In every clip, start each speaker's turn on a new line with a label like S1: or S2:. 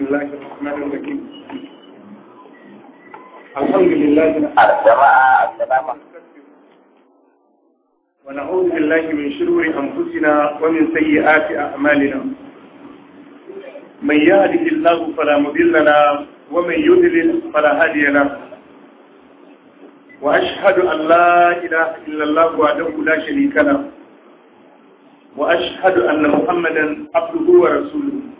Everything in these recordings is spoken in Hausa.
S1: بسم الله الرحمن الرحيم الحمد لله الجماعة السلامة ونعوذ بالله من شرور أنفسنا ومن سيئات أعمالنا من يهده الله فلا مضل له ومن يضلل فلا هادي له وأشهد أن لا إله إلا الله وحده لا شريك له وأشهد أن محمدا عبده ورسوله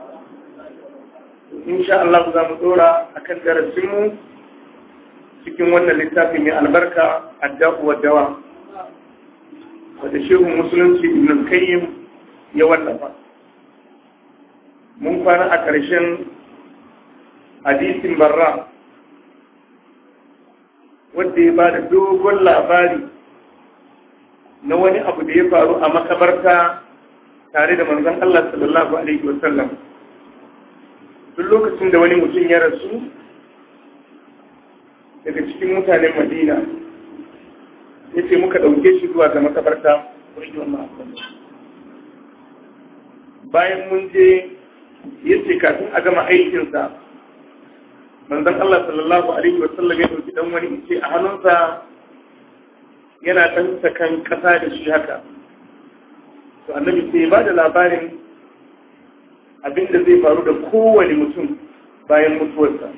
S1: insha Allah za mu dora a kan darasinmu cikin wannan littafin mai albarka a wa dawa wadda shehu musulunci ibn kayyim ya wallafa mun kwana a ƙarshen hadisin barra Wadda ya ba da dogon labari na wani abu da ya faru a makabarta tare da manzon Allah sallallahu alaihi wasallam duk lokacin da wani mutum ya rasu daga cikin mutanen madina ya ce muka ɗauke shi zuwa ga makabarta bayan mun je ya ce kafin a gama aikinsa manzan Allah sallallahu alaihi wasallam ya ɗauki ɗan wani ce a hannunsa yana ɗan sakan ƙasa da shi haka to annabi sai ba da labarin abin da zai faru da kowane mutum bayan mutuwarsa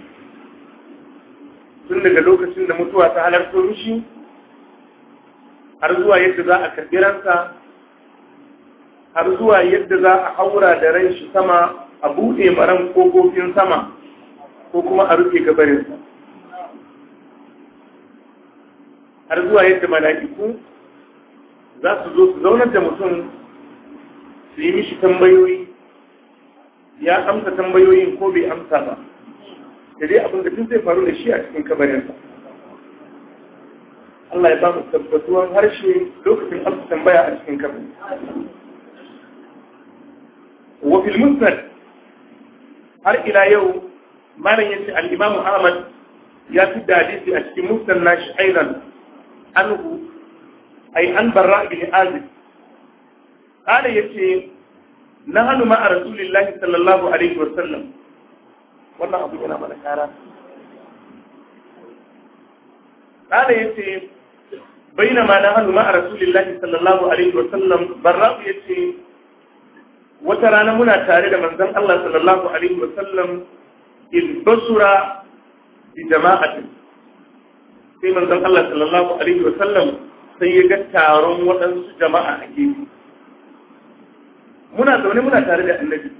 S1: tun daga lokacin da mutuwa ta halarta mishi har zuwa yadda za a karɓi ransa har zuwa yadda za a haura da ran shi sama a buɗe maran kofofin sama ko kuma a rufe gabarinsa har zuwa yadda mala'iku za su zo su zaunar da mutum su yi mishi tambayoyi ya amsa tambayoyin ko bai amsa ba da dai abin da tun zai faru da shi a cikin kabarinsa Allah ya ba mu tabbatuwan harshe lokacin amsa tambaya a cikin kabari wa fil musnad har ila yau malam yace al imam Ahmad ya fi hadisi a cikin musnad nashi aidan anhu ay an barra bin azib قال يتي Na hannu ma a rasulillahi sallallahu alaihi wa sallam wannan abu yana mana kara kana yace bainama nahnu ma na hannu ma a rasulillahi sallallahu alaihi wa sallam ya ce wata rana muna tare da manzan Allah sallallahu alaihi wa sallam in basura bi jama'atin sai manzan Allah sallallahu alaihi wa sallam sai ya ga taron waɗansu jama'a a gefe muna zaune muna tare da annabi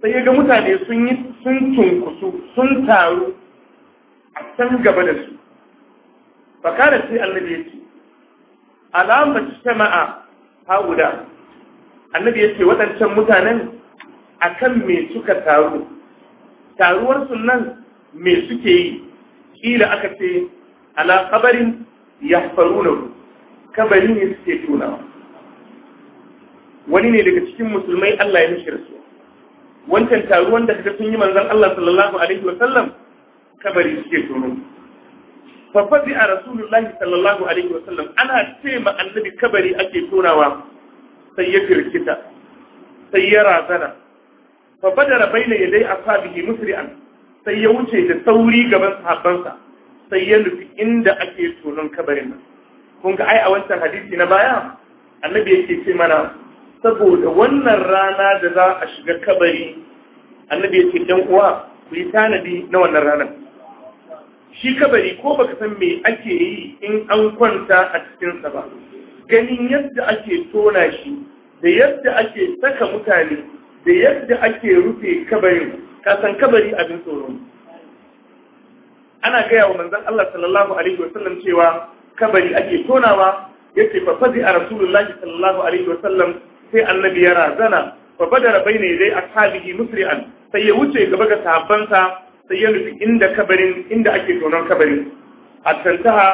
S1: sai ga mutane sun yi sun tunkusu sun taru a can gaba da su bakara sai annabi ya yake alamar jama'a hauda annabi ya ce waɗancan mutanen akan me suka taru taruwarsu nan me suke yi ƙila aka ce ala kabarin ya faru na kabari ne suke tunawa wani ne daga cikin musulmai Allah ya mishi rasuwa wancan taruwan da kaga sun yi manzon Allah sallallahu alaihi wa sallam kabari suke tono fa fazi a rasulullahi sallallahu alaihi wa sallam ana ce ma annabi kabari ake tonawa sai ya firkita sai ya razana fa badara baina yadai ashabihi musri'an sai ya wuce da sauri gaban sahabbansa sai ya nufi inda ake tonon kabarin nan kun ga ai a wancan hadisi na baya annabi yake ce mana saboda wannan rana da za a shiga kabari annabi ya ce ‘yan uwa ku yi tanadi na wannan ranar shi kabari ko baka san me ake yi in an kwanta a cikinsa ba ganin yadda ake tona shi da yadda ake saka mutane da yadda ake rufe kabarin kasan kabari abin tsoro ana gaya wa manzon Allah sallallahu alaihi wasallam cewa kabari ake tonawa yace fa fazi a rasulullahi sallallahu alaihi wasallam sai annabi ya razana fa badara bayna yaday ashabihi musri'an sai ya wuce gaba ga sahabbansa sai ya nufi inda kabarin inda ake tonon kabarin a tantaha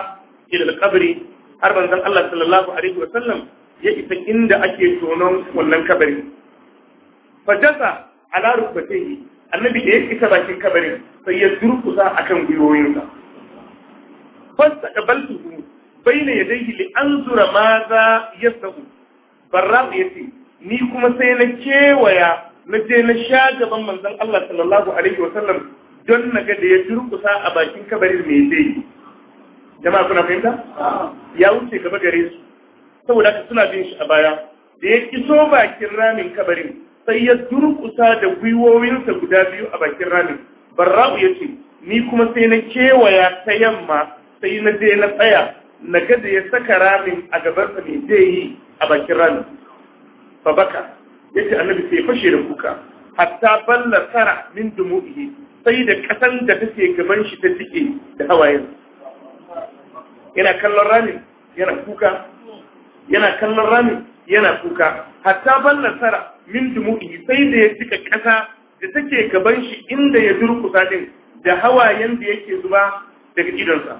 S1: ila kabari har manzon Allah sallallahu alaihi wa sallam ya isa inda ake tonon wannan kabarin. fajasa ala rukbatihi annabi da ya isa bakin kabarin sai ya durkusa akan gwiwoyinsa fasta qabaltuhu bayna yadayhi li anzura ma za yasau barraq ya ce ni kuma sai na kewaya na je na sha gaban manzan Allah sallallahu alaihi wa sallam don na ga da ya durƙusa a bakin kabarin mai zai yi jama'a kuna fahimta ya wuce gaba gare su saboda haka suna bin shi a baya da ya kiso bakin ramin kabarin sai ya durkusa da gwiwowinsa guda biyu a bakin ramin barra'u ya ce ni kuma sai na kewaya ta yamma sai na je na tsaya na ga da ya saka ramin a gabansa mai zai yi a bakin rami fa baka yace annabi sai fashe da kuka hatta balla sara min dumu'ihi sai da kasan da take gaban shi ta jike da hawayen yana kallon rami yana kuka yana kallon rami yana kuka hatta balla sara min dumu'ihi sai da ya jika kasa da take gaban shi inda ya durkusa din da hawayen da yake zuba daga idonsa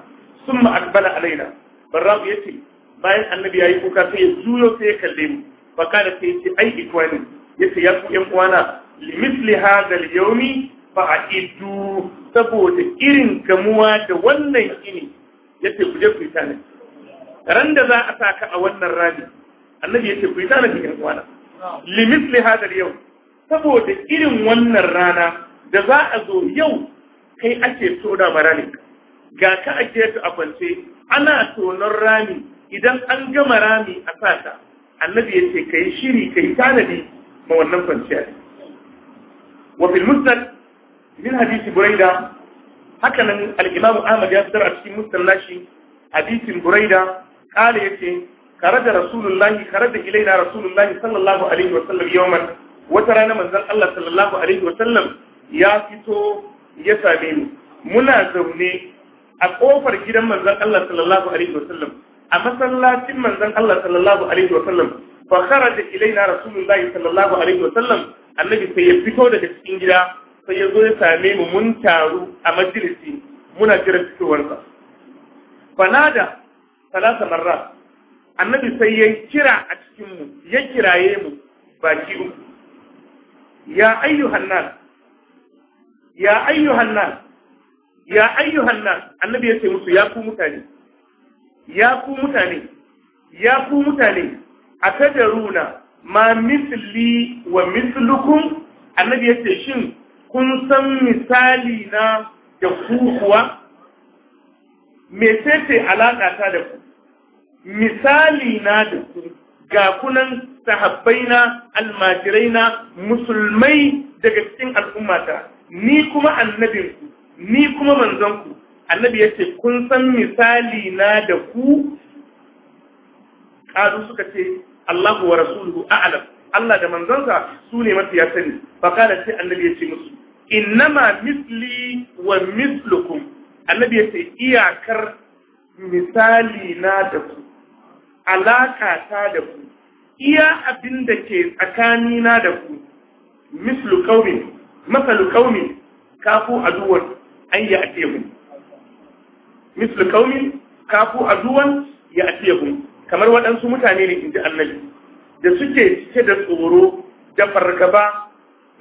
S1: sun ma'akbala alaina barra'u ce. bayan annabi yayi kuka sai ya juyo sai ya kalle mu fa kana sai ce ai ikwani yace ya ku yan uwana limithli hadha al-yawmi fa aidu saboda irin gamuwa da wannan ini yace ku je ku yi tana ran da za a saka a wannan rani annabi yace ku yi tana cikin uwana limithli hadha al-yawm saboda irin wannan rana da za a zo yau kai ake so da barani. ga ka a ta a kwance ana tonon rami idan an gama rami a sata annabi ya ce ka yi shiri ka yi tanadi ma wannan kwanciya wa fil musnad min hadisi buraida haka nan al-imamu ahmad ya fitar a cikin musnad nashi hadisin buraida kale yace karaja rasulullahi da ilaina rasulullahi sallallahu alaihi wa sallam yawman wata rana manzon Allah sallallahu alaihi wa sallam ya fito ya same ni, muna zaune a kofar gidan manzon Allah sallallahu alaihi wasallam a masallacin manzon Allah sallallahu alaihi wasallam fa kharaja ilaina rasulullahi sallallahu alaihi wasallam annabi sai ya fito daga cikin gida sai ya zo ya same mu mun taru a majalisi muna jiran fitowarsa fanada salasa marra annabi sai ya kira a cikin mu ya kiraye mu baki uku ya ayyuhan nas ya ayyuhan nas ya ayyuhan nas annabi ya ce musu ya ku mutane ya ku mutane ya ku mutane ma misli wa mislukum annabi ya ce shin kun san misali na da ku kuwa mecece alaƙa ta da ku misali na da ku ga kunan sahabbaina almajiraina musulmai daga cikin al'ummata ni kuma annabinku ni kuma manzon ku annabi yace kun san misali na da ku kazu suka ce Allahu wa rasuluhu a'lam Allah da manzonsa su ne mafiya sani fa kana sai annabi yace musu innama misli wa mislukum annabi yace iyakar misali na da ku alaka ta da ku iya abin da ke tsakani na da ku mislu qaumi mafalu qaumi kafu aduwan an ya atiyahum mislu qaumin kafu aduwan ya atiyahum kamar waɗansu mutane ne inda annabi da suke cike da tsoro da fargaba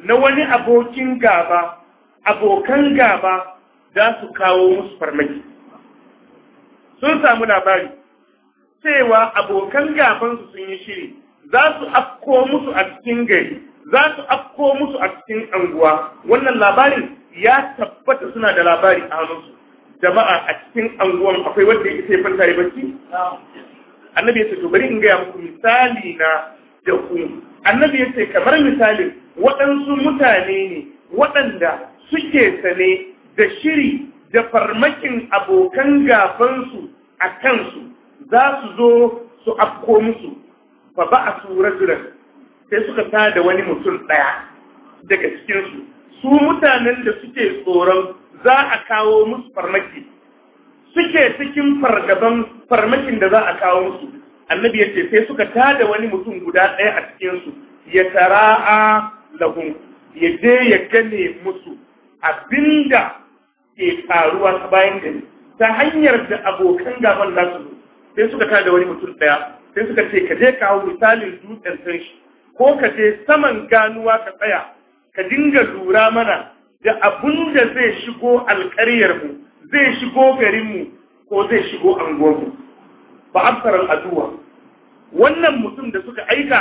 S1: na wani abokin gaba abokan gaba za su kawo musu farmaki sun samu labari cewa abokan gabansu sun yi shiri za su afko musu a cikin gari za su afko musu a cikin anguwa wannan labarin ya tabbata suna da labari a hannunsu jama'a a cikin anguwan akwai wanda ya sai fanta ya annabi ya ce to bari in gaya muku misali na da ku annabi ya ce kamar misalin waɗansu mutane ne waɗanda suke sane da shiri da farmakin abokan gabansu a kansu za su zo su afko musu fa ba a su rajulan sai suka tada wani mutum ɗaya daga cikinsu su mutanen da suke tsoron za a kawo musu farmaki suke cikin fargaban farmakin da za a kawo musu annabi ya ce sai suka tada wani mutum guda ɗaya a cikinsu ya tara'a lahum ya je ya gane musu abinda ke faruwa ta bayan gari ta hanyar da abokan gaban su, sai suka tada wani mutum ɗaya sai suka ce ka je kawo misalin dutsen san shi ko ka je saman ganuwa ka tsaya ka dinga lura mana da abun da zai shigo mu zai shigo garinmu ko zai shigo anguwarmu ba absarar aduwa wannan mutum da suka aika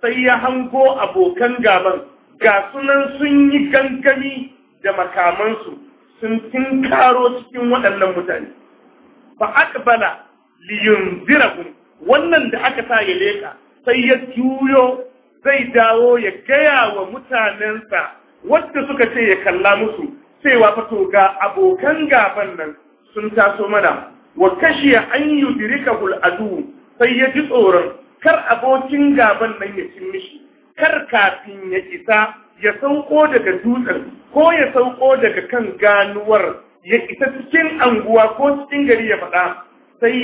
S1: sai ya hango abokan gaban ga sunan sun yi gangami da makamansu sun karo cikin waɗannan mutane ba akbala liyun wannan da aka sa ya leka sai ya juyo zai dawo ya gaya wa mutanensa wadda suka ce ya kalla musu cewa fato ga abokan gaban nan sun taso mana wa ya an yudirika hul hul'adu sai ya ji tsoron kar abokin gaban nan ya cin mishi kar kafin ya isa ya sauko daga dutsen ko ya sauko daga kan ganuwar ya isa cikin anguwa ko cikin gari ya faɗa sai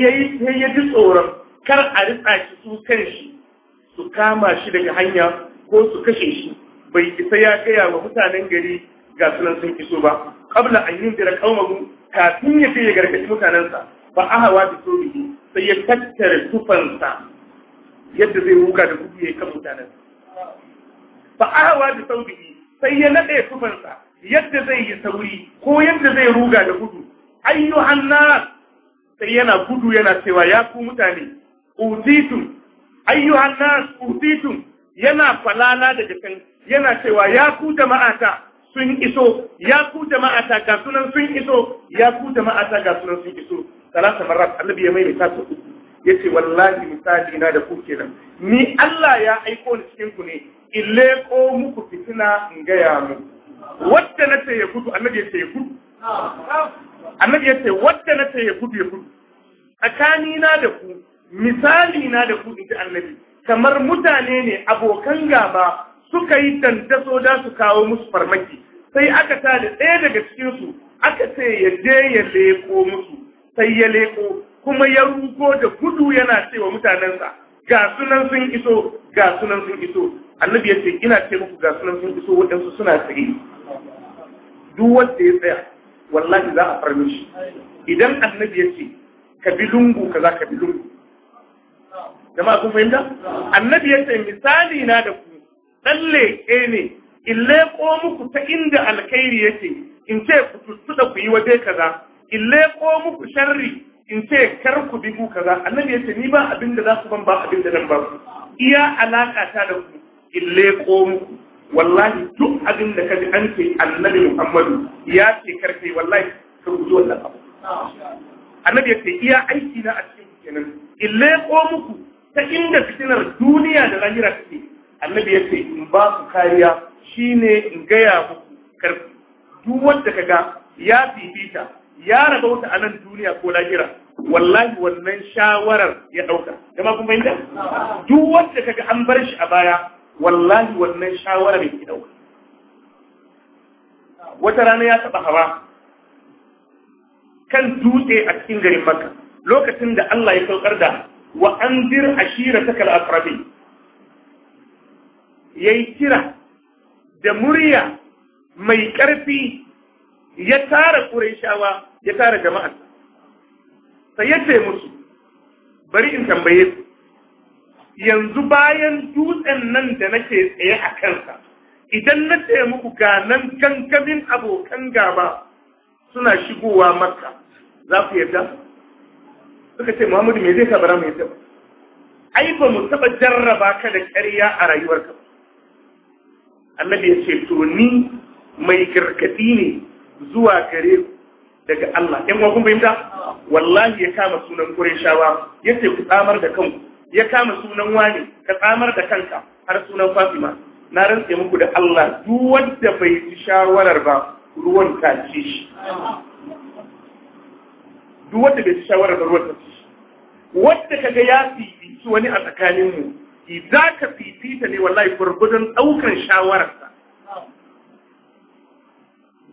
S1: ya ji tsoron kar a ritsa shi su kan shi su kama shi daga hanya ko su kashe shi bai isa ya gaya wa mutanen gari ga sunan sun iso ba kabla an yi dira kaumahu kafin ya ce ya gargaɗi mutanensa ba a hawa da sobihi sai ya tattara tufansa yadda zai huka da kuɗi ya kan mutanensa ba a hawa da sobihi sai ya naɗe tufansa yadda zai yi sauri ko yadda zai ruga da gudu ayyuhan nas sai yana gudu yana cewa ya ku mutane utitum ayyuhan nas utitum yana falala da jikin yana cewa ya ku jama'ata sun iso ya ku jama'ata ga sunan sun iso ya ku jama'ata ga sunan sun iso salasa marat annabi ya mai su uku yace wallahi misali na da ku kenan ni Allah ya aiko ni cikin ku ne ille ko muku fitina in gaya mu wadda na ce ya gudu annabi ya ce ya gudu annabi ya ce wadda na ce ya gudu ya gudu tsakani na da ku misali na da ku inji annabi kamar mutane ne abokan gaba suka yi tantaso da su kawo musu farmaki sai aka ta da ɗaya daga cikinsu aka ce ya je ya leko musu sai ya leko kuma ya ruko da gudu yana cewa mutanensa ga sunan sun iso ga sunan sun iso annabi ya ce ina ce muku ga sunan sun iso waɗansu suna tsaye duk wanda ya tsaya wallahi za a farmi shi idan annabi ya ce ka bi lungu kaza ka bi lungu jama'a kun fahimta annabi ya ce misali na da ku tsalle leƙe ne ille ko muku ta inda alkhairi yake in ce ku tuttuɗa ku yi waje kaza ille ko muku sharri in ce kar ku bi ku kaza annabi ya ce ni ba abin da za ku ban ba abin da zan ba ku iya alaƙa ta da ku ille leƙo muku wallahi duk abin da kaji an ce annabi Muhammadu ya ce karfe wallahi ka guji wannan abu annabi ya ce iya aiki na a cikin kenan ille leƙo muku ta inda fitinar duniya da lahira take annabi ya ce in ba su kariya shine in gaya muku karfi duk wanda kaga ya fifita ya raba wata a nan duniya ko lahira wallahi wannan shawarar ya dauka jama'a kuma fahimta duk wanda kaga an bar shi a baya wallahi wannan shawarar ya dauka wata rana ya taba hawa kan dutse a cikin garin Makka lokacin da Allah ya saukar da wa ashira ta kala aqrabin yayi kira da murya mai ƙarfi ya tara ƙurayshawa ya tara jama'a sai ya ce musu bari in tambaye ku yanzu bayan dutsen nan da nake tsaye a kansa idan na ce muku ga nan gangamin abokan gaba suna shigowa makka za ku yarda suka ce Muhammadu me zai sa mai mu ba ai ba mu taɓa jarraba ka da ƙarya a rayuwarka ba annabi ya ce to ni mai gargaɗi ne zuwa gare ku daga Allah ɗan kun fahimta wallahi ya kama sunan Qurayshawa ya ce ku tsamar da kanku ya kama sunan wane ka tsamar da kanka har sunan Fatima na rantse muku da Allah duk wanda bai ci shawarar ba ruwan ta ce shi duk wanda bai ci shawara da ruwan tafi wanda kaga ya fifici wani a tsakanin mu idan ka fifita ne wallahi gurgudan daukan shawararsa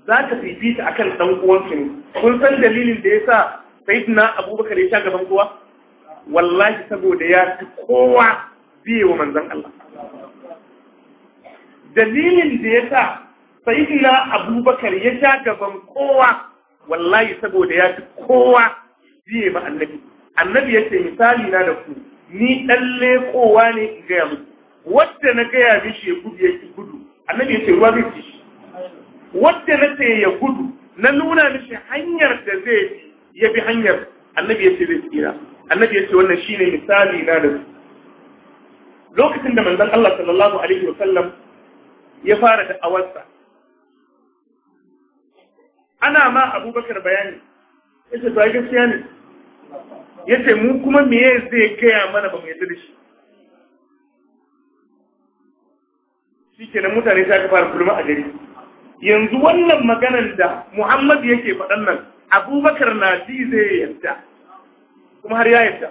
S1: za ka fifita akan dan uwanka ne kun san dalilin da yasa sayyidina abubakar ya sha gaban kowa wallahi saboda ya fi kowa biye wa manzon Allah dalilin da yasa sayyidina abubakar ya sha gaban kowa wallahi saboda ya fi kowa biye ma annabi annabi ya ce misali na da ku ni dan lekowa ne in gaya muku wadda na gaya mishi ya gudu ya ki gudu annabi ya ce ruwa zai shi wadda na ce ya gudu na nuna mishi hanyar da zai bi ya bi hanyar annabi ya ce zai tsira annabi ya ce wannan shine misali na da ku lokacin da manzon Allah sallallahu alaihi wa sallam ya fara da awarsa ana ma abubakar bayani ya ce ba gaskiya ne ya ce mu kuma meye zai gaya mana ba mu yadda da shi shi kenan mutane ta fara kulma a gari yanzu wannan maganan da muhammad yake faɗan nan abubakar na ji zai yadda kuma har ya yadda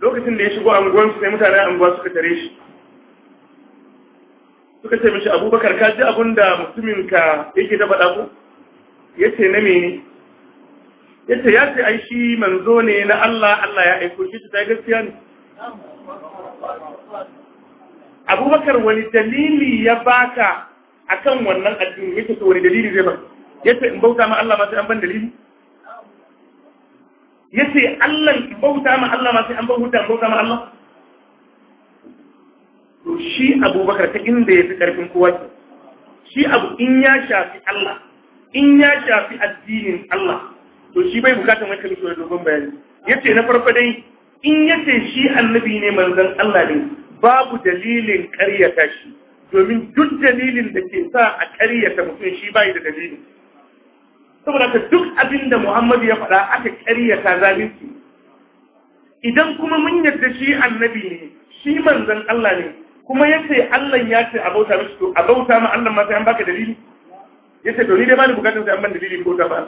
S1: lokacin da ya shigo anguwansu sai mutane anguwa suka tare shi suka ce mishi abubakar ka ji abin da mutuminka ka yake ta faɗa ko ya ce na mene ya ce ya ce aishi manzo ne na Allah Allah ya aiko shi ta gaskiya ne abubakar wani dalili ya baka akan wannan addini ce to wani dalili zai ba ce in bauta ma Allah ma sai an ban dalili yace Allah in bauta ma Allah ma sai an ban in bauta ma Allah to shi abubakar ta inda ya fi ƙarfin kowa ke shi abu in ya shafi Allah in ya shafi addinin Allah to shi bai bukatar wata mishi dogon bayani ce na farko dai in ce shi annabi ne manzon Allah ne babu dalilin ƙaryata shi domin duk dalilin da ke sa a ƙaryata mutum shi bai da dalili saboda ka duk abin da Muhammadu ya faɗa aka ƙaryata zalunci idan kuma mun yarda shi annabi ne shi manzon Allah ne kuma yace Allah ya ce a bauta mishi to a bauta ma Allah ma sai an baka dalili yace to ni dai ba ni bukatun sai an ban dalili ko ta ba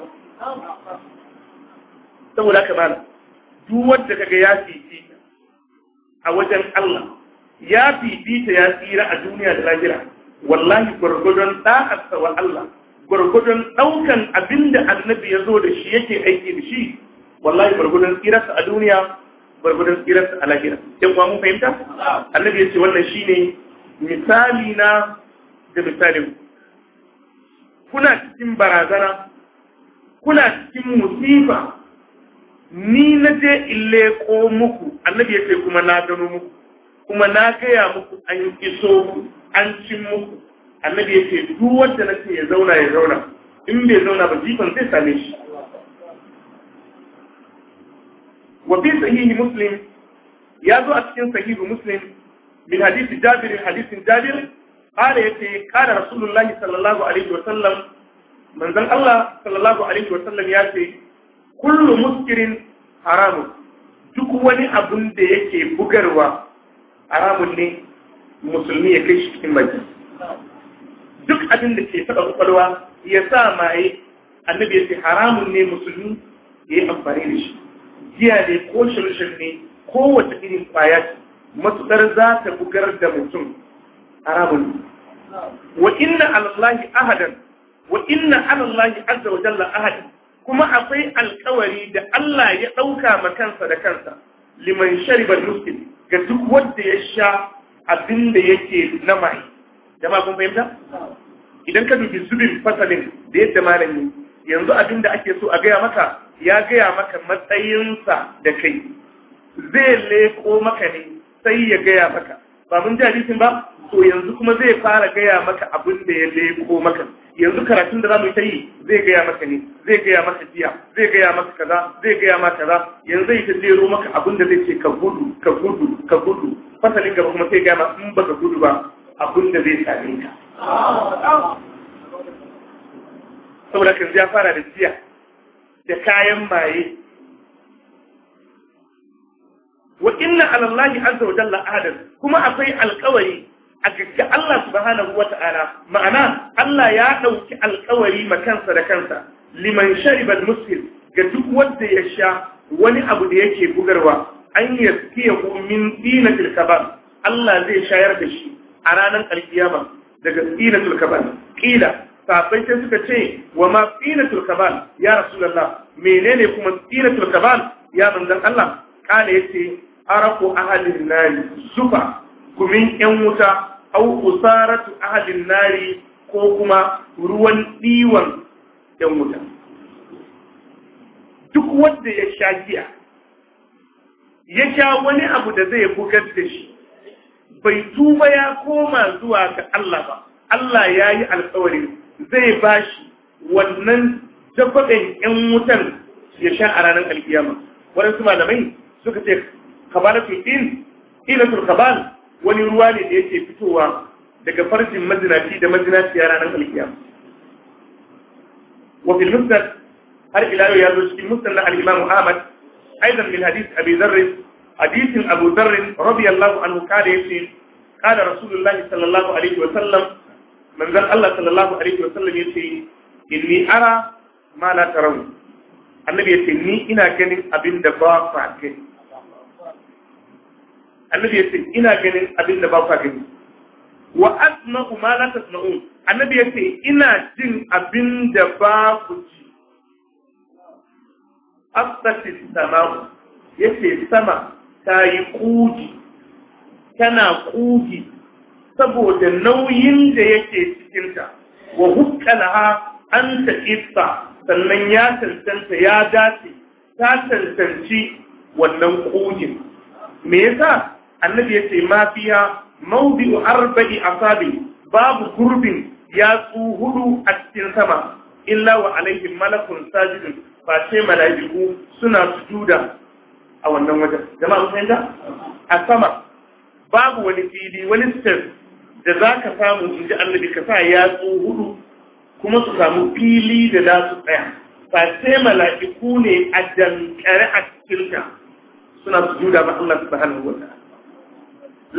S1: saboda ka bana duk wanda kaga ya fifi a wajen Allah ya fifi ta ya tsira a duniya da lahira wallahi gurgudun da'atsa wa Allah gurgudun daukan abinda annabi ya zo da shi yake aiki da shi wallahi gurgudun tsirarsa a duniya gwargwadon tsirar a lahira yan kuwa fahimta Allah ya ce wannan shi ne, misali na da misalin kuna cikin barazana kuna cikin musifa ni na je in leƙo muku Allah ya ce kuma na gano muku kuma na gaya muku an iso an cin muku Allah ya ce duk wanda na ce ya zauna ya zauna in bai zauna ba jifan zai same shi wa fi sahihi muslim ya zo a cikin sahihu muslim min hadisi jabir hadisin jabir qala yace qala rasulullahi sallallahu alaihi wa sallam manzon Allah sallallahu alaihi wa sallam ya ce kullu muskirin haramun duk wani abun da yake bugarwa haramun ne musulmi ya kai shi cikin baki duk abin da ke taɓa kwakwalwa ya sa maye annabi ya ce haramun ne musulmi ya yi amfani da shi giya ne ko shirshin ne ko wata irin kwaya ce matuƙar za ta bugar da mutum A haramun wa inna alallahi ahadan wa inna alallahi azza wa jalla ahadan kuma akwai alkawari da Allah ya ɗauka ma kansa da kansa liman shariba muskin ga duk wanda ya sha abin da yake na mai jama kun fahimta idan ka dubi zubin fasalin da yadda malami yanzu abin da ake so a gaya maka ya gaya maka matsayinsa da kai zai leko maka ne sai ya gaya maka ba mun ji hadisin ba to yanzu kuma zai fara gaya maka abin da ya leko maka yanzu karatun da za mu yi ta yi zai gaya maka ne zai gaya maka jiya zai gaya maka kaza zai gaya maka kaza yanzu zai ta jero maka abin da zai ce ka gudu ka gudu ka gudu fasalin gaba kuma sai gaya ma in baka gudu ba abin da zai same ka saboda kan ya fara da jiya da kayan maye wa inna ala Allah azza wa jalla ahadan kuma akwai alƙawari a ga Allah subhanahu wa ta'ala ma'ana Allah ya ɗauki alƙawari ma kansa da kansa liman shariba muslim ga duk wanda ya sha wani abu da yake bugarwa an yaskiyahu min dinatil kabar Allah zai shayar da shi a ranar alkiyama daga dinatil kabar kila sahabbai sai suka ce wa ma tsina kabal ya rasulullah menene kuma tsina kabal ya manzon Allah kana yace araku ahalin nari zufa gumin yan wuta au usaratu ahalin nari ko kuma ruwan diwan yan wuta duk wanda ya sha giya ya sha wani abu da zai bugar da shi bai tuba ya koma zuwa ga Allah ba Allah ya yi alkawarin zai bashi wannan jakwaben yan wutan ya sha a ranar alkiyama waɗansu malamai suka ce kabalatul din ilatul kabal wani ruwa ne da yake fitowa daga farjin mazinaci da mazinaci a ranar alkiyama wa fil har ila ya zo cikin musnad na al-imamu Ahmad aidan min hadith Abi Dharr hadithin Abu Dharr radiyallahu anhu kada yace kada Rasulullah sallallahu alaihi wa sallam manzon Allah sallallahu alaihi wasallam ce inni ara ma la tarawun annabi ce ni ina ganin abin da ba fa gani annabi ya ce ina ganin abin da ba fa gani wa asma'u ma la tasma'u annabi ya ce ina jin abin da ba ku ji astatis sama yace sama ta yi kugi tana kugi saboda nauyin da yake cikinta wa hukkalaha an ta sannan ya cancanta ya dace ta cancanci wannan kogin me yasa annabi ya ce mafiya, fiya maudi'u arba'i asabi babu gurbin yatsu hudu a cikin sama illa wa alaihim malakun sajidun ba ce mala'iku suna sujuda a wannan wajen jama'a mun fahimta a sama babu wani fili wani stress da za ka samu in ji annabi ka sa yatsu hudu kuma su samu fili da za su tsaya ba sai mala'iku ne a dankare a cikinta suna su juda ba Allah subhanahu wa ta'ala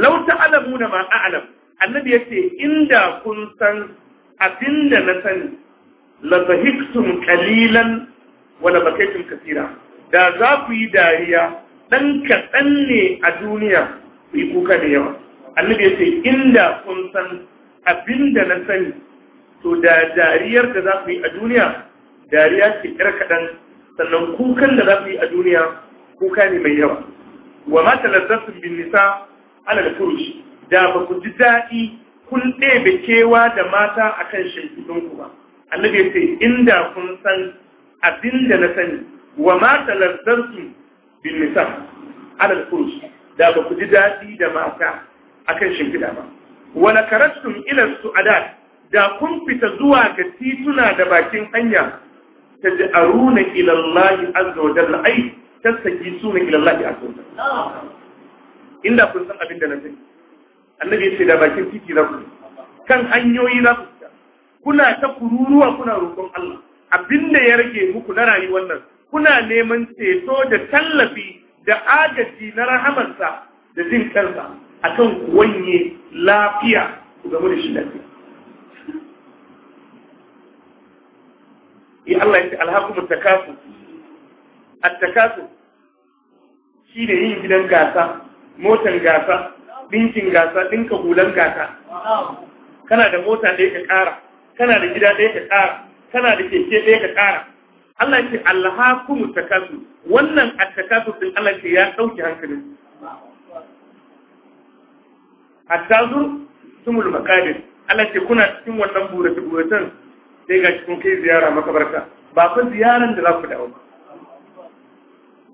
S1: lau ta'lamuna ma a'lam annabi yace inda kun san abinda na sani la zahiktum qalilan wa la bakaytum da za ku yi dariya dan kaɗan ne a duniya ku yi kuka da yawa annabi ya ce inda kun san abin da na sani to da dariyar da za ku yi a duniya dariya ce ƴar kaɗan sannan kukan da za ku yi a duniya kuka ne mai yawa wa ma talazzatun bin nisa ala al-furush da ba ku ji daɗi kun ɗebe kewa da mata akan shimfiɗinku ba annabi ya ce inda kun san abin da na sani wa ma talazzatun bin nisa ala al-furush da ba ku ji daɗi da mata akan shimfiɗa ba wala karattum ila su'adat da kun fita zuwa ga tituna da bakin hanya taj'aruna ila Allah azza wa jalla ai tastakisuna ila Allah azza wa jalla inda kun san abin da na sani annabi ya ce da bakin titi na ku kan hanyoyi za ku fita kuna ta kururuwa kuna roƙon Allah abin da ya rage muku na rayuwar nan kuna neman ceto da tallafi da agaji na rahamarsa da jin kansa akan wanye lafiya ku gamu da shi lafiya ya Allah ya ce alhakumun takasu takasu shi ne yin gidan gasa motan gasa ɗinkin gasa ɗinka hulan gasa kana da mota ɗaya ka ƙara kana da gida ɗaya ka ƙara kana da keke ɗaya ka ƙara Allah ya ce alhakumun takasu wannan takasu sun Allah ya ɗauki hankalin hatta zu sumul makadir Allah ce kuna cikin wannan burace buracen sai ga cikin kai ziyara makabarta ba fa ziyaran da za ku dawo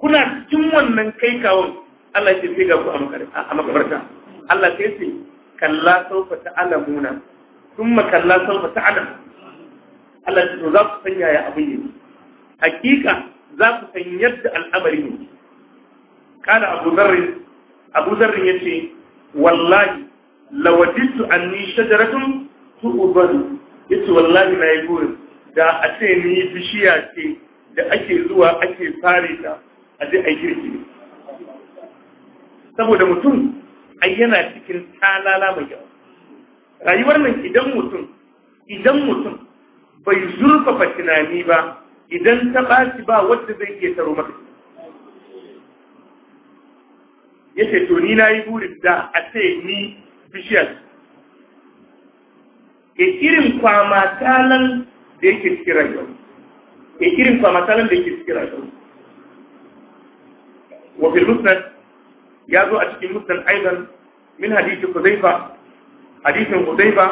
S1: kuna cikin wannan kai kawon Allah ce sai ga ku a makabarta Allah sai ce kalla saufa ta'alamuna thumma kalla saufa ta'alam Allah ce to za ku san yaya abin yake hakika za ku san yadda al'amari ne kana Abu zarri Abu zarri yace wallahi lawadittu anni shajaratun tu'badu yace wallahi na yi burin da a ce ni bishiya ce da ake zuwa ake fare ta a je a girki saboda mutum ai yana cikin talala mai yawa rayuwar nan idan mutum idan mutum bai zurfafa tunani ba idan ta ɓaci ba wadda zai iya taro maka Ya ce to ni na yi burin da a ce ni bishiyar e irin kwamatalan da yake cikin rayuwa e irin kwamatalan da yake cikin rayuwa wa fil musnad ya zo a cikin musnad Aizan min hadisi Hudayfa hadisin Hudayfa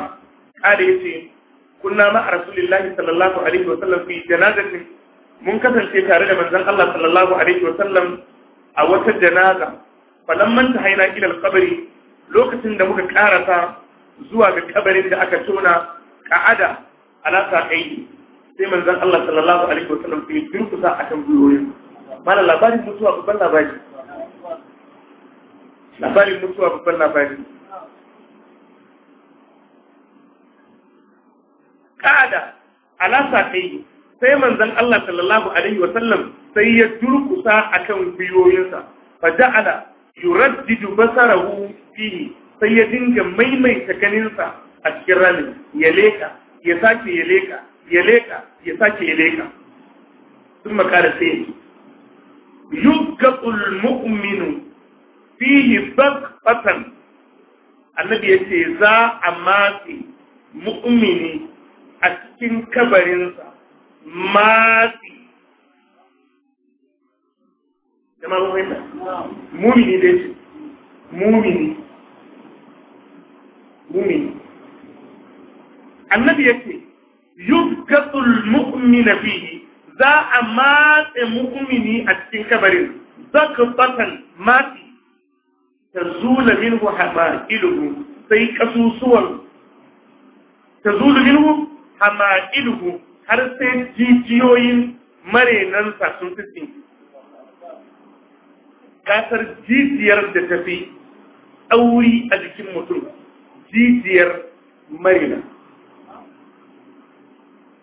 S1: kada ce, kunna ma rasulillahi sallallahu alaihi wa sallam fi janazatin mun kasance tare da manzon Allah sallallahu alaihi wa sallam a wata janaza falamman ta haina ilal kabari lokacin da muka karasa zuwa ga kabarin da aka tona ka'ada ala saƙai sai manzon Allah sallallahu alaihi wa sallam sai durkusa akan gwiwoyin mala labarin mutuwa babban labari labarin mutuwa babban labari ka'ada ala saƙai sai manzon Allah sallallahu alaihi wa sallam sai ya durkusa akan gwiwoyinsa fa ja'ala yuraddidu basarahu fihi sai ya dinga maimaita ganinsa a cikin ramin ya leka ya sake ya leka ya leka ya sake ya leka sun makara sai yuggatul mu'minu fihi bakfatan annabi ya ce za a matse mu'mini a cikin kabarinsa matse. jama'a ba fahimta mumini dai ce mumini mumini annabi yake yubkatul mu'mina fihi za a matse mu'mini a cikin kabarin zakbatan mati ta zula minhu hama'iluhu sai kasusuwan ta zulu minhu hama'iluhu har sai jijiyoyin marenansa sun fi kasar jijiyar da ta fi ɗauri a jikin mutum jijiyar marina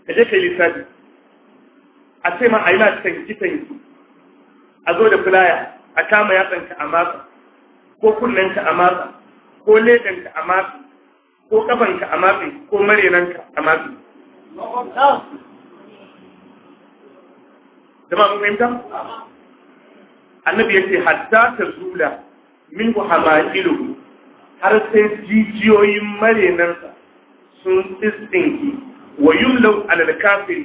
S1: ka je ka yi lissafi a ce ma a yi ma tanki-tanki a zo da filaya a kama yatsanka a matsa ko kunnanka a matsa ko leɗanka a matsa ko ƙafanka a matsa ko marinanka a matsa zama mun fahimta? annabi yace hatta tazula min hamailu har sai jijiyoyin marenansa sun tsitsinki wa yumlau alal kafiri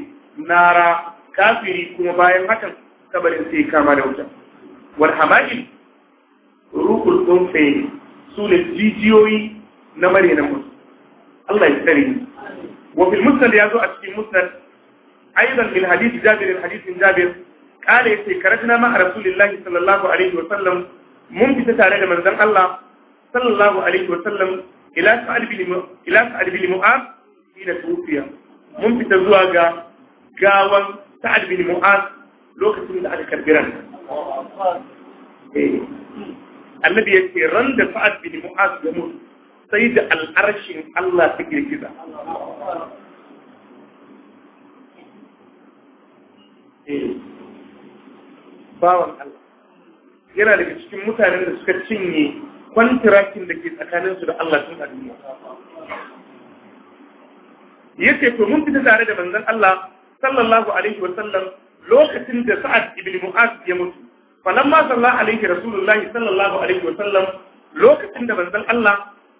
S1: nara kafiri kuma bayan hakan kabarin sai kama da wuta wal hamail ruhul unsayin su ne jijiyoyi na marenan mutum Allah ya tsare ni wa fil musnad zo a cikin musnad aidan min hadith jabir hadithin jabir kala yace karajna ma rasulillahi sallallahu alaihi wa sallam mun fita tare da manzon Allah sallallahu alaihi wa sallam ila sa'ad bin ila sa'ad bin mun fita zuwa ga gawan sa'ad bin mu'az lokacin da aka karbiran annabi ya ce ran da sa'ad bin mu'az ya mutu sai da al'arshin Allah ta bawan Allah yana daga cikin mutanen da suka cinye kwantirakin da ke tsakaninsu da Allah sun a duniya yace to mun fita tare da manzan Allah sallallahu alaihi wa sallam lokacin da Sa'ad ibn Mu'az ya mutu falamma sallallahu alaihi rasulullahi sallallahu alaihi wa sallam lokacin da manzan Allah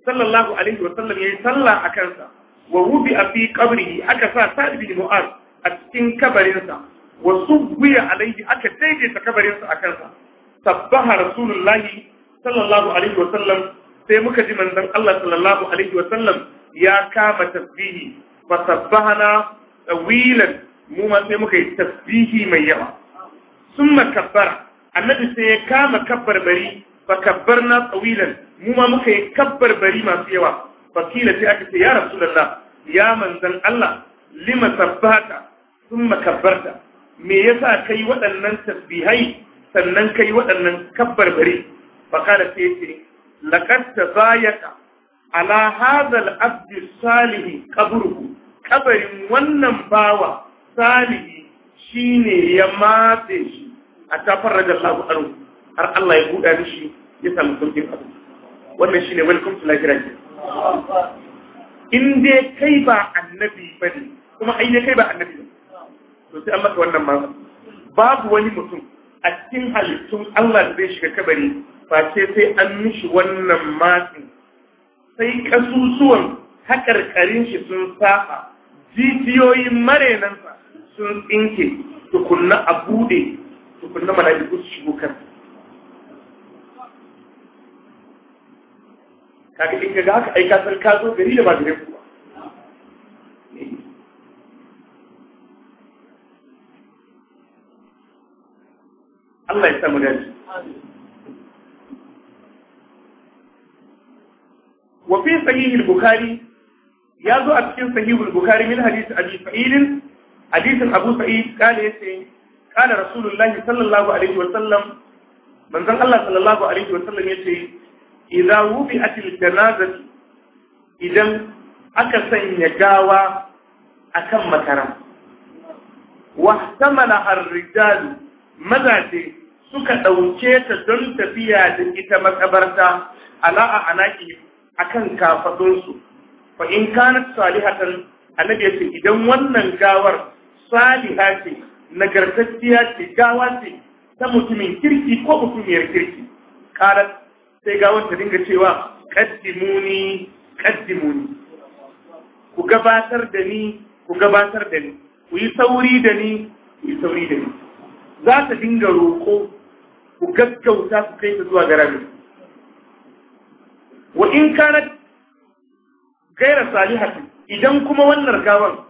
S1: sallallahu alaihi wa sallam yi sallah a kansa wa rubi a fi qabrihi aka sa Sa'ad ibn Mu'az a cikin kabarinsa Wasu subbiya alaihi aka daidaita kabarinsa a kansa sabbaha rasulullahi sallallahu alaihi wa sallam sai muka ji manzon Allah sallallahu alaihi wa sallam ya kama tasbihi fa sabbahana tawilan mu ma sai muka yi tasbihi mai yawa summa kabbara annabi sai ya kama kabbar bari fa kabbarna tawilan mu ma muka yi kabbar bari masu yawa fa kila sai aka ce ya rasulullah ya manzon Allah lima sabbata summa kabbarta me ya sa ka yi waɗannan tasbihai sannan ka yi waɗannan kabbarbare fakara sai yace laqad tazayaka ala hadha al-abd salih qabruhu kabarin wannan bawa salihi shi ne ya matse shi a tafarraja Allahu anhu har Allah ya buɗa shi ya samu sauƙin abu wannan shine welcome to Nigeria in dai kai ba annabi ba ne. kuma ai kai ba annabi bane to sai an masa wannan ma babu wani mutum a cikin halittun Allah da zai shiga kabari ba ce sai an mishi wannan matin sai kasusuwan haƙarƙarin shi sun safa jijiyoyin marenansa sun tsinke tukunna a buɗe tukunna mala'iku su shigo kan kaga in ga haka aika ka san ka zo gari da ba gare ku Allah ya sa mu dace wa fi sahih al-bukhari ya zo a cikin sahih al-bukhari min hadith abi sa'id hadith abu sa'id kana yace kana rasulullahi sallallahu alaihi wa sallam manzon Allah sallallahu alaihi wa sallam yace idza wubi'at al-janazah idan aka sanya gawa akan makaram wa ihtamala ar-rijal mazaje suka ɗauke ta don tafiya da ita makabarta ala a anaki akan kafadunsu fa in kana salihatan annabi ce idan wannan gawar saliha ce nagartacciya ce gawa ce ta mutumin kirki ko mutumiyar kirki kada sai gawar ta dinga cewa kaddimuni kaddimuni ku gabatar da ni ku gabatar da ni ku yi sauri da ni ku yi sauri da ni za ta dinga roƙo ku gaggauta ku kai ta zuwa ga rami wa in kana gaira salihatu idan kuma wannan gawan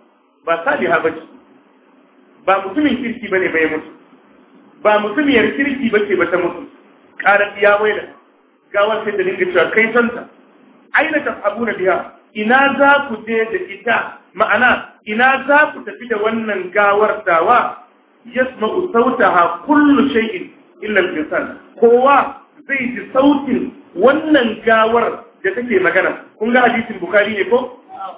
S1: ba saliha bace ba mutumin kirki bane bai mutu ba mutumiyar kirki bace ba ta mutu karar ya waila gawar sai da dinga cewa kai santa aina na biya ina za ku je da ita ma'ana ina za ku tafi da wannan gawar dawa yasma'u sautaha kullu shay'in illa al-insan kowa zai ji sautin wannan gawar da take magana kun ga hadisin bukari ne ko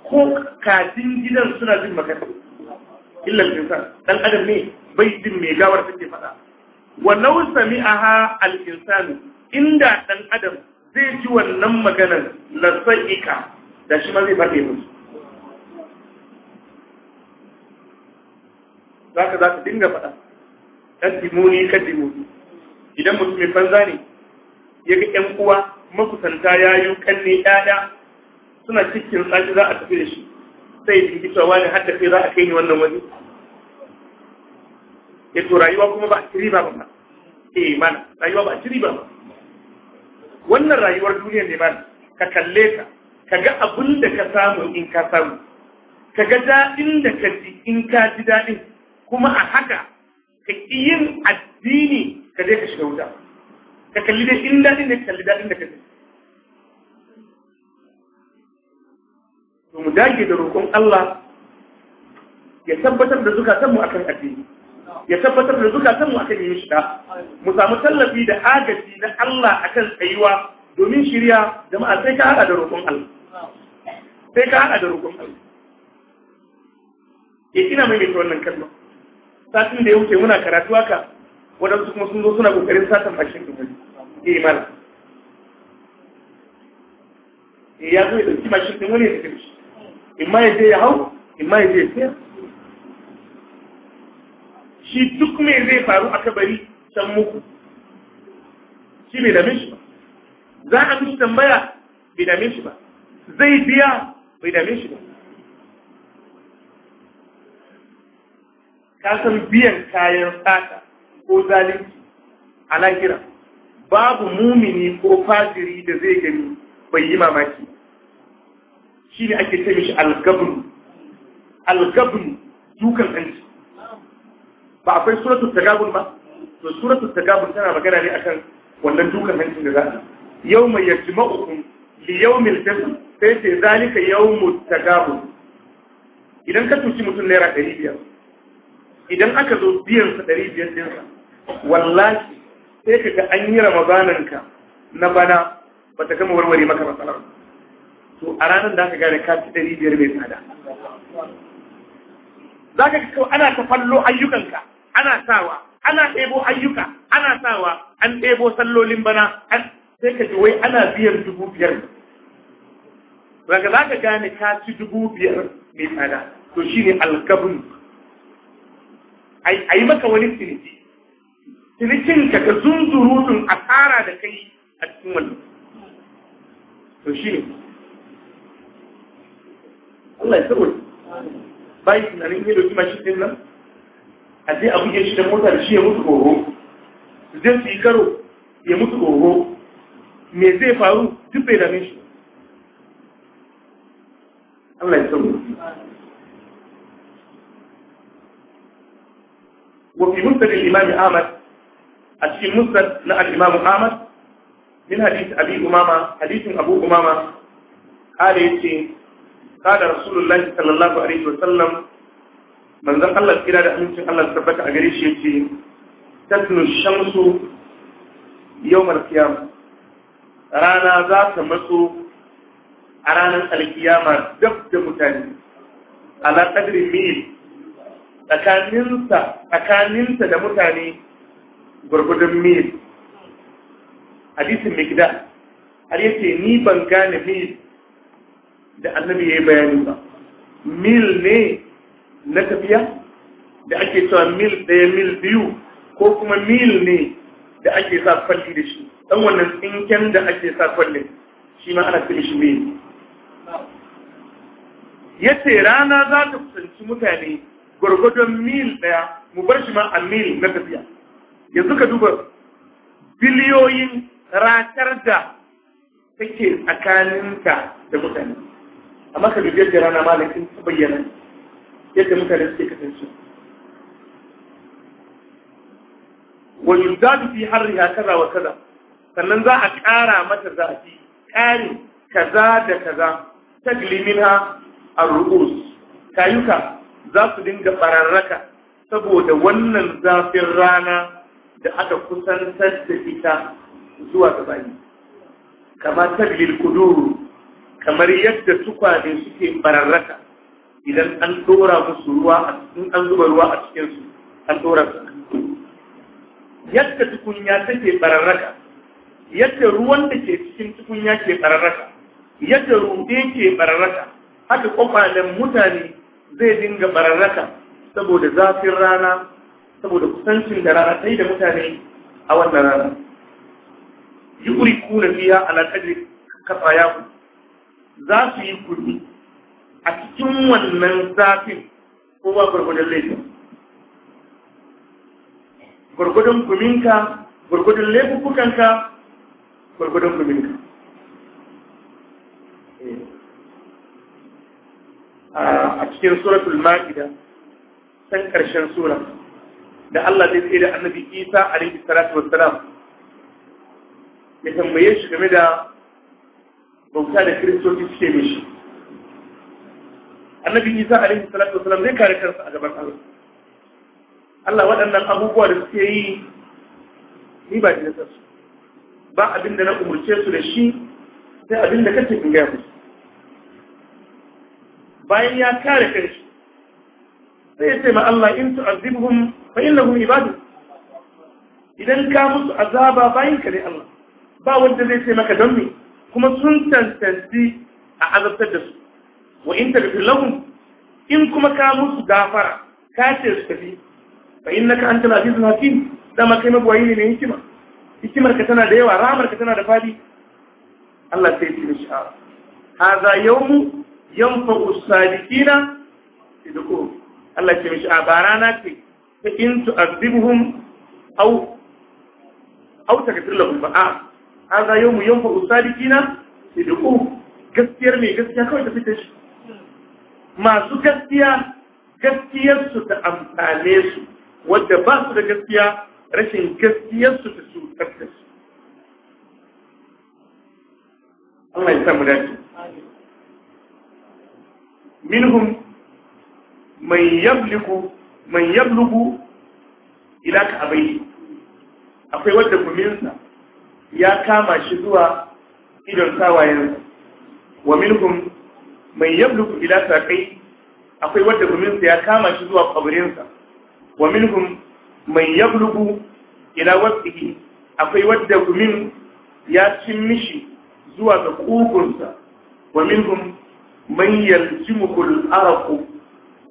S1: ko kajin gidan suna jin magana illa al-insan dan adam ne bai jin me gawar take faɗa wa law sami'aha al-insan inda dan adam zai ji wannan maganar la sa'ika da shi ma zai fade musu zaka zaka dinga faɗa kadimuni kadimuni idan mutumin banza ne ya ga ƴan uwa makusanta yi kanne ɗaya suna cikin tsaki za a tafi da shi sai ya ji cewa ne har da kai za a kai ni wannan wani ya to rayuwa kuma ba a ci riba ba E mana rayuwa ba a ci riba ba wannan rayuwar duniya ne mana ka kalle ka ka ga abin da ka samu in ka samu ka ga daɗin da ka ji in ka ji daɗin kuma a haka ka ƙi yin addini kaje ka shiga wuta ka kalli dai in daɗin ne ka kalli daɗin da ka ji to mu dage da roƙon Allah ya tabbatar da zukatanmu akan addini ya tabbatar da zukatanmu akan yin shida mu samu tallafi da agaji na Allah akan tsayuwa domin shirya jama'a sai ka haɗa da roƙon Allah sai ka haɗa da roƙon Allah ya eh, ina mai mai wannan kalma satin da ya wuce muna karatu haka waɗansu kuma sun zo suna ƙoƙarin satan fashin dubu ke mana e, ya zo ya ɗauki mashin ɗin wani ya tafi shi in ma ya je ya hau in ma ya je ya shi duk me zai faru a kabari can muku shi bai dame shi ba za a mishi tambaya bai dame shi ba zai biya bai dame shi ba ka san biyan kayan sata ko zalunci a lahira babu mumini ko fasiri da zai gani bai yi mamaki shi ne ake ce mishi algabnu algabnu dukan hanci ba akwai suratun tagabun ba to suratun tagabun tana magana ne akan wannan dukan hancin da za a yau mai yajma'ukum li mil jazm sai ce zalika mu tagabun idan ka tuci mutum naira 500 biyar idan aka zo biyan sa ɗari biyar sa. wallahi sai ka ga an yi ramadaninka na bana ba ta gama warware maka matsalar to a ranar da aka gane kaci ɗari biyar mai tsada za ka kawai ana ta fallo ayyukanka ana sawa ana ɗebo ayyuka ana sawa an ɗebo sallolin bana sai ka ji wai ana biyar dubu biyar daga za ka gane kaci dubu biyar mai tsada to shine alkabun a yi maka wani siniti cinikin ka ta zunzurutun asara da kai a cikin wannan to shi ne Allah ya tsaro bai tunanin yi doki shi din nan a zai a buge shi da mota da shi ya mutu koro zai su yi karo ya mutu koro me zai faru duk bai dame shi Allah ya tsaro وفي مسند الإمام Ahmad? a cikin musnad na al-Imam Ahmad min hadith Abi Umama hadithin Abu Umama kare yace kada Rasulullahi sallallahu alaihi wa sallam manzon Allah kira da amincin Allah tabbata a gare shi yace tatlu shamsu yawmal qiyamah rana za ta matso a ranar alkiyama dab da mutane ala qadri mil tsakaninsa tsakaninsa da mutane gwargwadon mil hadisin mikda har yace ni ban gane mil da annabi ya yi bayani ba mil ne na tafiya da ake cewa mil ɗaya mil biyu ko kuma mil ne da ake sa kwalli da shi ɗan wannan tsinken da ake sa falli, shi ma ana cire shi mil ya ce rana za ta kusanci mutane gwargwadon mil ɗaya mu bar shi ma a mil na tafiya yanzu ka duba biliyoyin ratar da take tsakaninta da mutane amma ka dubi yadda rana malakin ta bayyana yadda mutane suke kasance Wani za su fi har riha kaza wa kaza sannan za a ƙara mata zafi ƙari kaza da kaza ta tagliminha a ruus kayuka za su dinga bararraka saboda wannan zafin rana da aka kusantar da ita zuwa gabani kama taglil kuduru kamar yadda tukwane suke bararraka idan an dora musu ruwa in an zuba ruwa a cikin su an dora su yadda tukunya take bararraka yadda ruwan da ke cikin tukunya ke bararraka yadda rumbe ke bararraka haka kwakwalen mutane zai dinga bararraka saboda zafin rana saboda kusancin da rana sai da mutane a wannan rana yi yuri kuna fiya ala kadri yaku, za su yi kudi a cikin wannan zafin ko ba gwargwadon laifin gwargwadon kuminka gwargwadon laifukanka gwargwadon kuminka eh. a cikin suratul ma'ida san ƙarshen sura da Allah zai tsaye da annabi Isa alaihi salatu wassalam ya tambaye shi game da bauta da kiristoci suke shi. annabi Isa alaihi salatu wassalam zai kare kansa a gaban Allah Allah waɗannan abubuwa da suke yi ni ba da su ba abin da na umarce su da shi sai abin da kace in gaya musu bayan ya kare kanshi sai ya ce ma Allah in tu'azibhum fa innahum ibadu idan ka musu azaba bayan ka ne Allah ba wanda zai ce maka don me kuma sun tantanci a azabtar da su wa in taghfir lahum in kuma ka musu gafara ka su tafi a kai ne mai hikima hikimar ka tana da yawa ramar ka tana da fadi Allah sai ya a hadha yawmu yanfa'u sadiqina Allah ya فإن تؤذبهم أو أو تكثر لهم البقاء آه، هذا يوم يوم فأسالكين لدقوه قسير مي قسير كوي تفتش ما سو قسير قسير سو تأمتانيس ودباس دا قسير رشن قسير سو تسو تفتش الله يسلم لك منهم من يملكوا man yablugu ila ka abai akwai wanda guminsa ya kama shi zuwa idon tawayen wa minhum man yablugu ila kai akwai wanda guminsa ya kama shi zuwa kabarinsa wa minhum man yablugu ila wasfihi akwai wanda gumin ya cin mishi zuwa ga kugunsa wa minhum man yaljimu kul araqu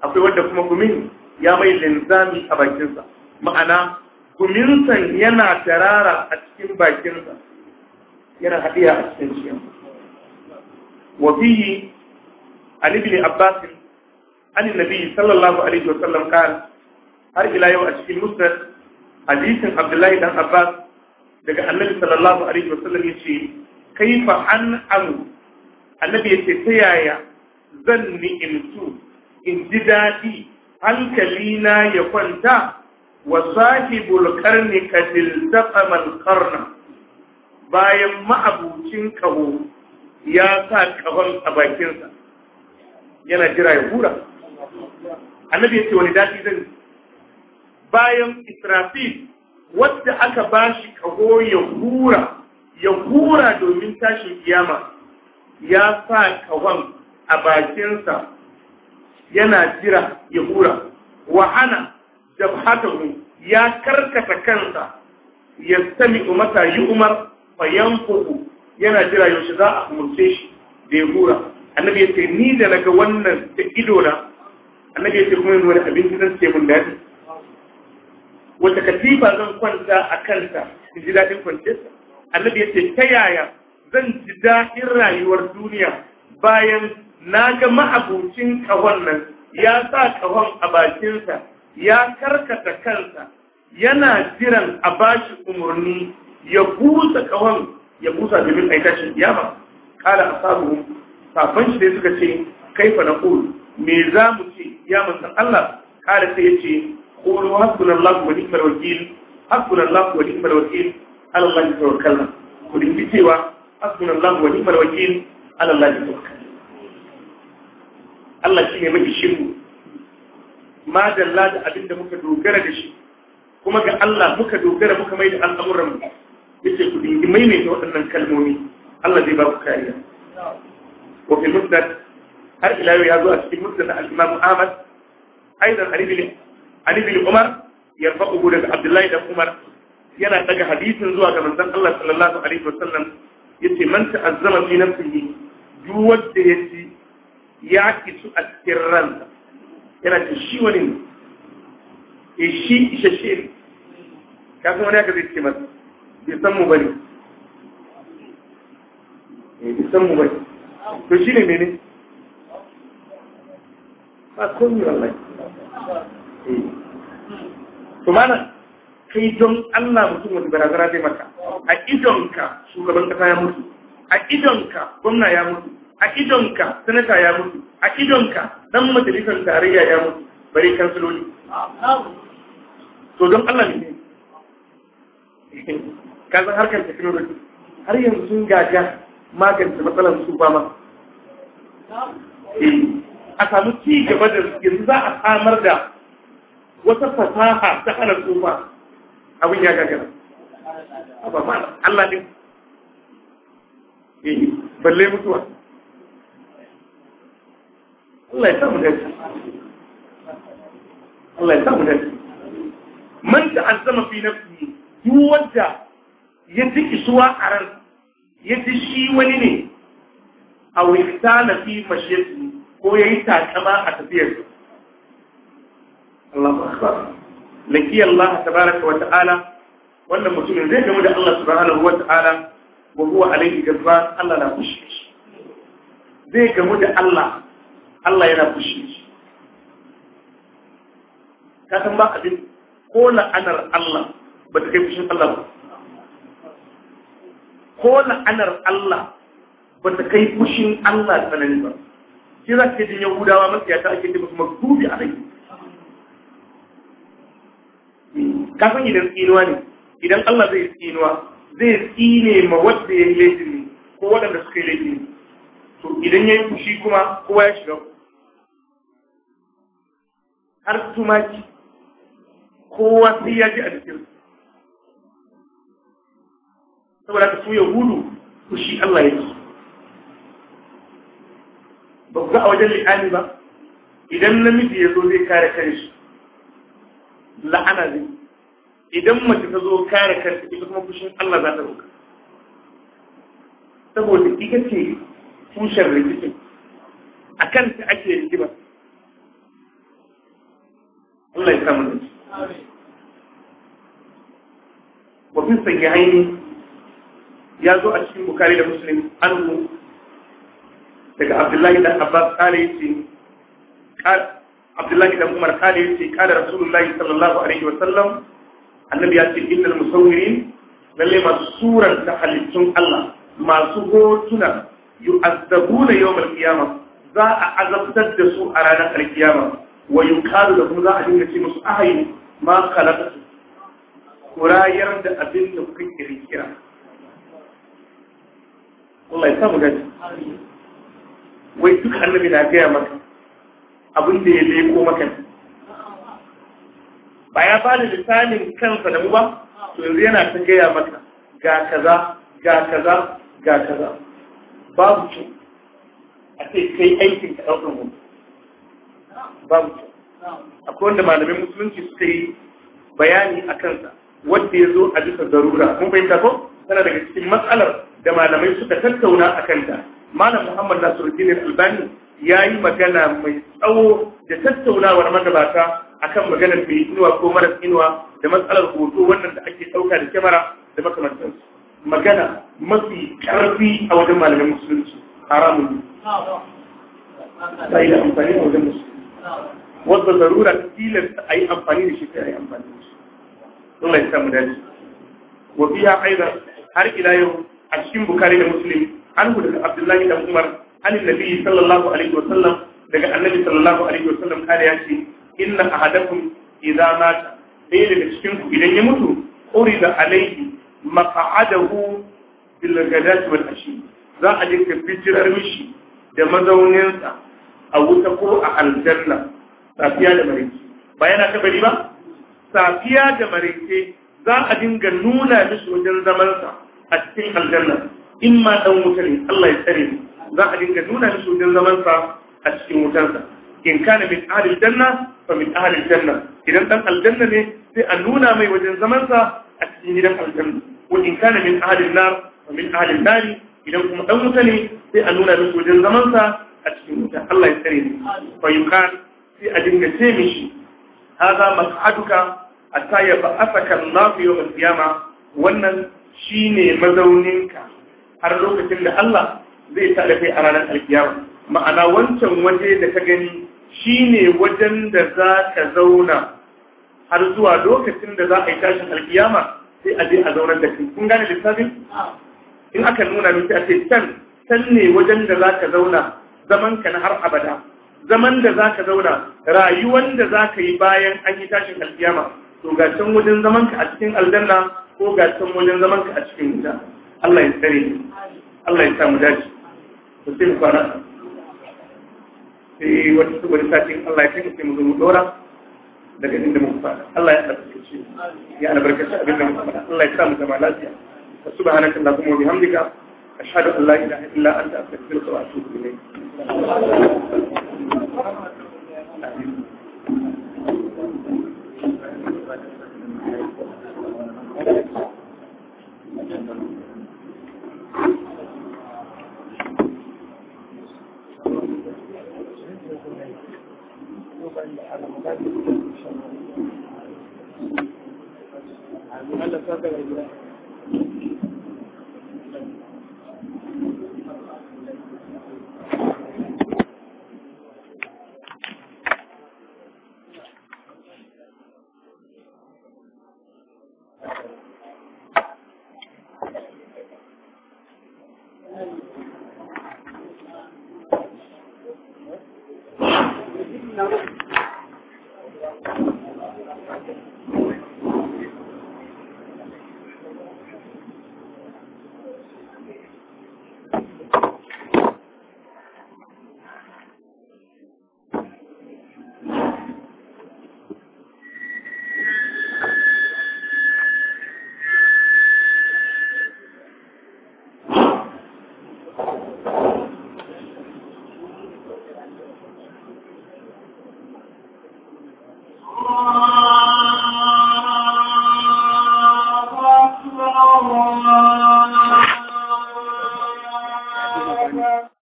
S1: akwai wanda kuma gumin ya mai linzami a bakinsa ma'ana kuminsan yana tarara a cikin bakinsa yana haɗiya a cikin cikin wafihi an ibn abbas an nabi sallallahu alaihi wa sallam kan har ila yau a cikin musnad hadisin abdullahi dan abbas daga annabi sallallahu alaihi wa sallam yace kaifa an amu annabi yace ta yaya zan su in ji daɗi hankalina ya kwanta wa sahibul karni kadil taqamal karna bayan ma'abucin kaho ya sa kawon a bakinsa yana jira ya hura annabi ya ce wani daɗi zan bayan israfil wadda aka bashi shi kaho ya hura ya hura domin tashin kiyama ya sa kahon a bakinsa yana jira ya hura wa ana jabhatahu ya karkata kansa ya sami umata yi umar fa yanfuhu yana jira yaushe za a umurce shi da ya hura annabi yace ni da naga wannan da ido na annabi ce kuma wani abinci zan ce mun dadi wata katifa zan kwanta a kanta in ji dadin kwanciyarsa annabi ya ce ta yaya zan ji daɗin rayuwar duniya bayan na ga ma'abucin kahon nan ya sa kahon a bakinsa ya karkata kansa yana jiran a bashi umarni ya busa kahon ya busa domin aikacin kiyama a sabu safan shi dai suka ce kaifa na kulu me za mu ce ya manta Allah kala sai ya ce kulu hasbunallahu wa ni'mal wakil hasbunallahu wa ni'mal wakil ala Allah tawakkalna ku dinki cewa hasbunallahu wa ni'mal wakil ala Allah tawakkalna Allah shi ne mafi shiru ma dalla da abin da muka dogara da shi kuma ga Allah muka dogara muka mai da al'amuran yace ku dingi maimaita waɗannan kalmomi Allah zai ba ku kariya wa fil musnad har ila yau ya zo a cikin musnad al-Imam Ahmad aidan Ali bin Ali bin Umar yarfa'uhu daga Abdullahi da Umar yana daga hadisin zuwa ga manzon Allah sallallahu alaihi wasallam yace man ta'azzama fi nafsihi duk wanda ya ci ya kisu a cikin ransa yana ce shi wani ne e, shi ishashe ne ya kuma wani haka zai ce masu bai san mu bane eh bai san mu bane to shi ne mene ba komai wallahi eh to mana kai don Allah mutum wani barazara zai maka a idonka shugaban kasa ya mutu a idonka gwamna ya mutu a idonka sanata ya mutu a idonka dan majalisar tarayya ya mutu bari kansiloli to don Allah ne ka san harkar technology har yanzu sun gaja magance matsalar su ba ma a samu ci gaba da yanzu za a samar da wata fasaha ta hana tsufa abin ya gagara ba ma Allah ne eh, balle mutuwa
S2: Allah ya sa mu dace
S1: Allah ya sa fi nafsihi duk wanda ya ji isuwa a ran ya ji shi wani ne a na fi mashiyati ko yayi takama a tafiyarsa Allah akbar laki Allah ta baraka wa ta'ala wannan mutumin zai gamu da Allah subhanahu wa ta'ala wa huwa alayhi jazban Allah na fushi zai gamu da Allah Allah yana fushi shi ka san ba abin ko la'anar Allah ba ta kai fushin Allah ba ko la'anar Allah ba ta kai fushin Allah tsanani ba shi za ka jin yahudawa masiyata ake taimaka kuma dubi a rai san idan tsinuwa ne idan Allah zai tsinuwa zai tsine ma wanda ya yi laifin ko waɗanda suka yi laifin to idan ya yi fushi kuma kowa ya shiga har tumaki kowa sai ya ji a jikin saboda ka so yahudu fushi Allah ya ji. ba ku ga a wajen li'ani ba idan namiji ya zo zai kare kanshi la'ana zai idan mace ta zo kare kanta ita kuma fushin Allah za ta roka saboda ita ce tushen rikicin a kan ta ake rigima Allah ya samu dace wa fi sahihaini ya zo a cikin bukari da muslim annu daga abdullahi da abbas kare yace abdullahi da umar kare yace kare rasulullahi sallallahu alaihi wa sallam annabi ya ce innal musawwirin lalle masu suran ta halittun Allah masu hotuna yu'azzabuna yawmal qiyamah za a azabtar da su a ranar alkiyama wa yuqalu kuma za a dinga ce musu ahayu ma khalaqtu kurayar da abin da kuka kirkira Allah ya samu gani wai duk annabi na gaya maka abin da ya leko maka ba ya ba da lisanin kansa da mu ba to yanzu yana ta gaya maka ga kaza ga kaza ga kaza babu ce a ce kai aikin ka ɗaukar hoto babu ce akwai wanda malamin musulunci suka yi bayani a kansa wanda ya zo a bisa zarura mun fahimta ko tana daga cikin matsalar da malamai suka tattauna a kanta malam muhammad nasiruddin albani ya yi magana mai tsawo da tattaunawar magabata akan maganar mai inuwa ko maras inuwa da matsalar hoto wannan da ake ɗauka da kyamara da makamantansu magana mafi karfi a wajen malamin musulunci haramun ne
S2: ta yi da amfani a wajen musulunci
S1: wadda zarura tilasta a yi amfani da shi ta yi amfani da shi Allah ya samu dace wa biya aida har ila yau a cikin bukari da musulmi, an gudu daga abdullahi da umar an nabi sallallahu alaihi wa sallam daga annabi sallallahu alaihi wa sallam kare ya ce inna ahadakum idza mata ɗaya daga cikin ku idan ya mutu da alaihi maq'adahu bil ghadat wal ashi za a dinka bijirar mishi da mazauninsa a wuta ko a aljanna safiya da maraice ba yana ta bari ba safiya da maraice za a dinga nuna mishi wajen zamansa a cikin aljanna in ma dan wuta ne Allah ya tsare ni. za a dinga nuna mishi wajen zamansa a cikin wutarsa in kana min ahlil janna fa min ahlil janna idan dan aljanna ne sai a nuna mai wajen zamansa a cikin gidan aljanna wa in kana min ahlin nar wa nari idan kuma dan wuta ne sai a nuna min wajen zaman sa a cikin wuta Allah ya tsare ni fa sai a dinga ce mishi hada mas'aduka hatta ya ba'athaka Allah yawm al-qiyama wannan shine mazauninka har lokacin da Allah zai tada kai a ranar alkiyama ma'ana wancan waje da ka gani shine wajen da za ka zauna har zuwa lokacin da za a yi tashin alkiyama sai a je a zaunar da shi kun gane littafin? in aka nuna miki a ce can can ne wajen da za ka zauna zaman ka na har abada zaman da za ka zauna rayuwar da za ka yi bayan an yi tashin alkiyama to ga can wajen zaman ka a cikin aljanna ko ga can wajen zaman ka a cikin wuta Allah ya tsare ni Allah ya samu dace to sai mu kwana sai wata saboda satin Allah ya kai mu sai mu zo mu dora daga inda muka fara Allah
S2: ya albarkace shi
S1: ya albarkace abin da muka fara Allah ya sa mu zama lafiya subhanaka allahumma wa bihamdika ashhadu an la ilaha illa anta astaghfiruka wa atubu ilayk
S2: Thank you. Allah saka da gida